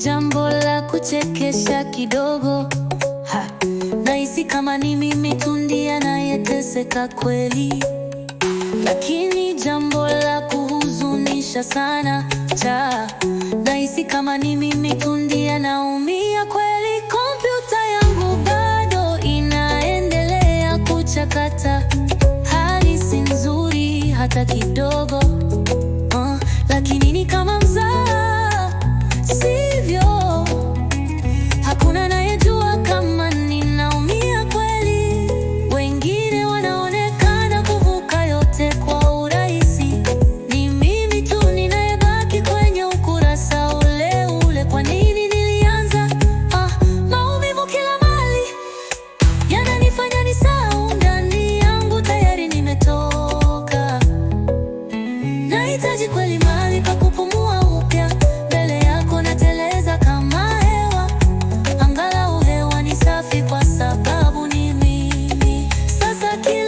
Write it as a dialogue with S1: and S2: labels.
S1: jambo la kuchekesha kidogo ha. Nahisi kama ni mimi tu ndiye anayeteseka kweli, lakini jambo la kuhuzunisha sana cha. Nahisi kama ni mimi tu ndiye naumia kweli. Kompyuta yangu bado inaendelea kuchakata, hali si nzuri hata kidogo. Nahitaji kweli mahali pa kupumua upya, mbele yako nateleza kama hewa, angalau hewa ni safi kwa sababu ni mimi sasa